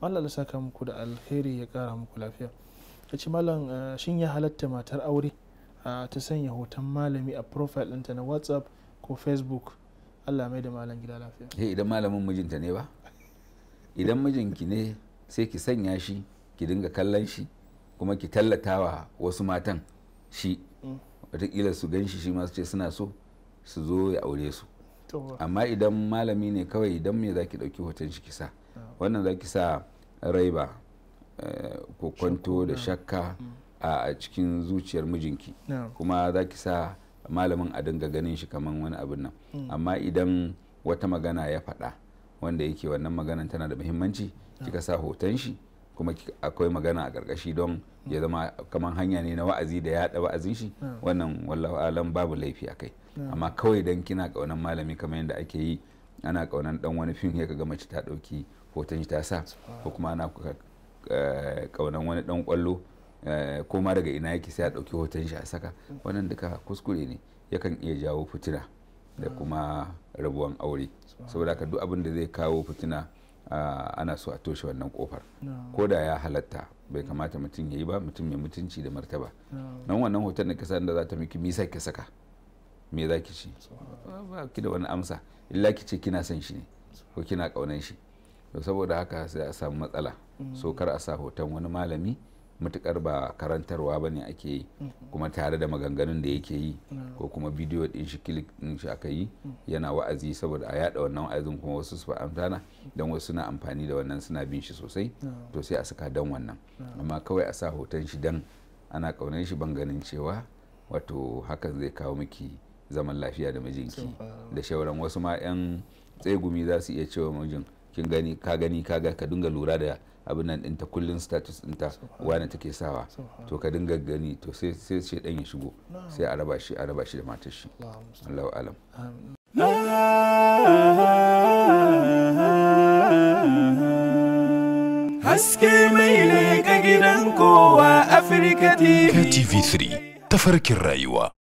Allah ya saka muku da alheri ya kara muku lafiya ta ce malam eh, shin ya halatta matar aure ta sanya hoton malami a profile ɗinta na whatsapp ko facebook Allah mai da malam gida lafiya eh idan malamin mijinta ne ba idan mijinki ne sai ki sanya shi ki dinga kallon shi kuma ki tallata wa wasu matan shi mm. wataƙila su gan shi shi masu ce suna so su zo ya aure su amma idan malami ne kawai idan me za ki ɗauki hoton shi kisa wannan za ki sa rai ba eh, ko kwanto da shakka mm. a cikin zuciyar mijinki kuma za ki sa malamin a dinga ganin shi kamar wani abin nan mm. amma idan wata magana ya faɗa wanda yake wannan maganan tana da muhimmanci kika sa hoton shi kuma akwai magana a ƙarƙashi don ya mm. zama kamar hanya ne na wa'azi da yaɗa wa'azin shi wannan wallahu alam babu laifi a kai amma kawai dan kina ƙaunar malami kamar yadda ake yi ana kaunan dan wani fim ya kaga mace ta dauki hoton shi ta sa ko kuma ana kaunan eh, wani dan kwallo eh, ko ma daga ina yake sai a dauki hoton shi a saka wannan duka kuskure ne yakan iya jawo fitina da kuma rabuwan aure saboda haka duk abin da zai kawo fitina ah, ana so a toshe wannan kofar ko da ya halatta bai kamata mutum ya yi ba mutum mai mutunci da martaba nan wannan hoton da ka da za ta miki misa ka saka me za ki ci ba ki da wani amsa illa ki ce kina son shi ne ko kina kaunan shi to saboda haka sai a samu matsala so kar a sa hoton wani malami matukar ba karantarwa ba ne ake yi kuma tare da maganganun da yake yi ko kuma bidiyo din shi kilik din shi aka yi yana wa'azi saboda a yada wannan wa'azin kuma wasu su amfana Dan wasu suna amfani da wannan suna bin shi sosai to sai a saka dan wannan amma kawai a sa hoton shi dan ana kaunar shi ban ganin cewa wato hakan zai kawo miki zaman lafiya da mijinki da shauran wasu ma 'yan tsegumi za su iya cewa mijin kin gani ka gani ka ga ka dinga lura da abin nan ɗinta kullum status ɗinta wani take sawa to ka dinga gani to sai sai ce ya shigo sai a raba shi a raba shi da matar shi Allahu alam haske mai ne ga gidan kowa Afirka TV. KTV3 tafarkin rayuwa.